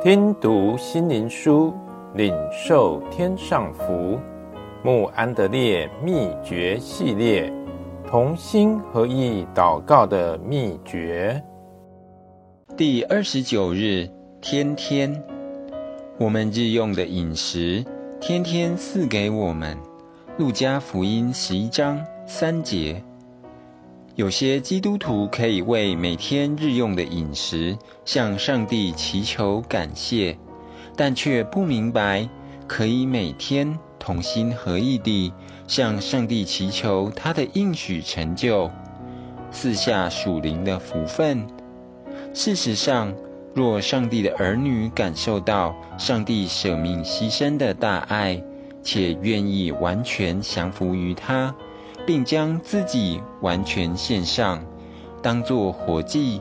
聽讀心靈書，領受天上福。穆安德烈秘訣系列，同心合意禱告的秘訣。第二十九日，天天，我們日用的飲食，天天賜給我們。路加福音十一章三節。有些基督徒可以為每天日用的飲食，向上帝祈求感謝，但卻不明白可以每天同心合意地向上帝祈求他的應許成就、賜下屬靈的福分。事實上，若上帝的兒女感受到上帝捨命犧牲的大愛，且願意完全降服於他。並將自己完全獻上，當作活祭。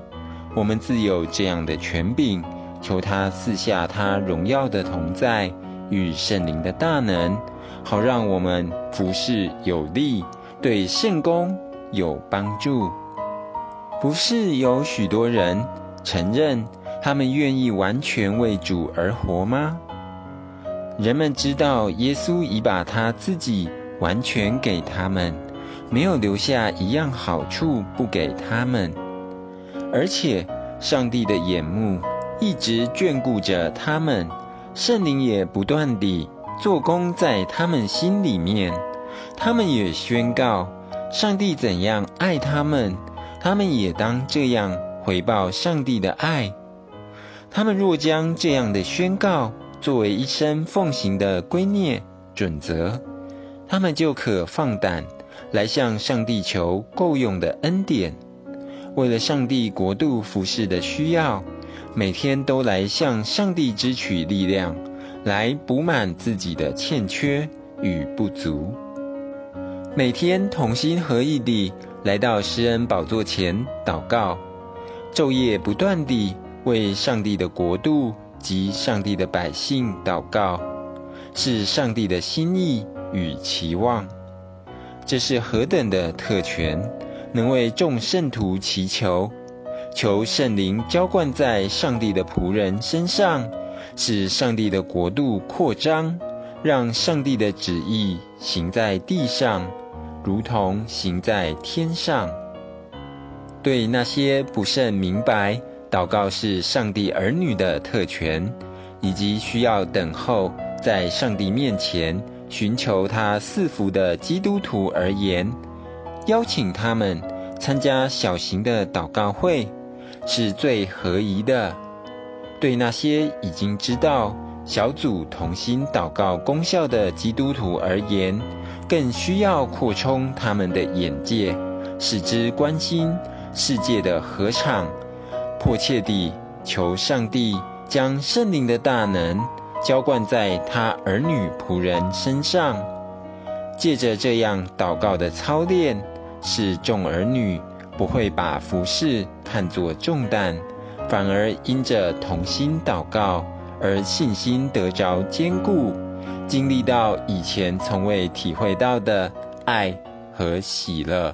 我們自有這樣的權柄，求他賜下他榮耀的同在與聖靈的大能，好讓我們服事有力，對聖工有幫助。不是有許多人承認他們願意完全為主而活嗎？人們知道耶穌已把他自己完全給他們。沒有留下一樣好處不給他們，而且上帝的眼目一直眷顧着他們，聖靈也不斷地做工在他們心裡面，他們也宣告上帝怎樣愛他們，他們也當這樣回報上帝的愛。他們若將這樣的宣告作為一生奉行的圭臬準則，他們就可放膽。來向上帝求夠用的恩典，為了上帝國度服事的需要，每天都來向上帝支取力量，來補滿自己的欠缺與不足。每天同心合意地來到施恩寶座前禱告，晝夜不斷地為上帝的國度及上帝的百姓禱告，是上帝的心意與期望。這是何等的特權！能為眾聖徒祈求，求聖靈澆灌在上帝的僕人身上，使上帝的國度擴張，讓上帝的旨意行在地上，如同行在天上。對那些不甚明白，禱告是上帝兒女的特權，以及需要等候在上帝面前。尋求他賜福的基督徒而言，邀請他們參加小型的禱告會是最合宜的。對那些已經知道小組同心禱告功效的基督徒而言，更需要擴充他們的眼界，使之關心世界的禾場，迫切地求上帝將聖靈的大能。澆灌在他兒女僕人身上，借着這樣禱告的操練，使眾兒女不會把服事看作重擔，反而因着同心禱告而信心得着堅固，經歷到以前從未體會到的愛和喜樂。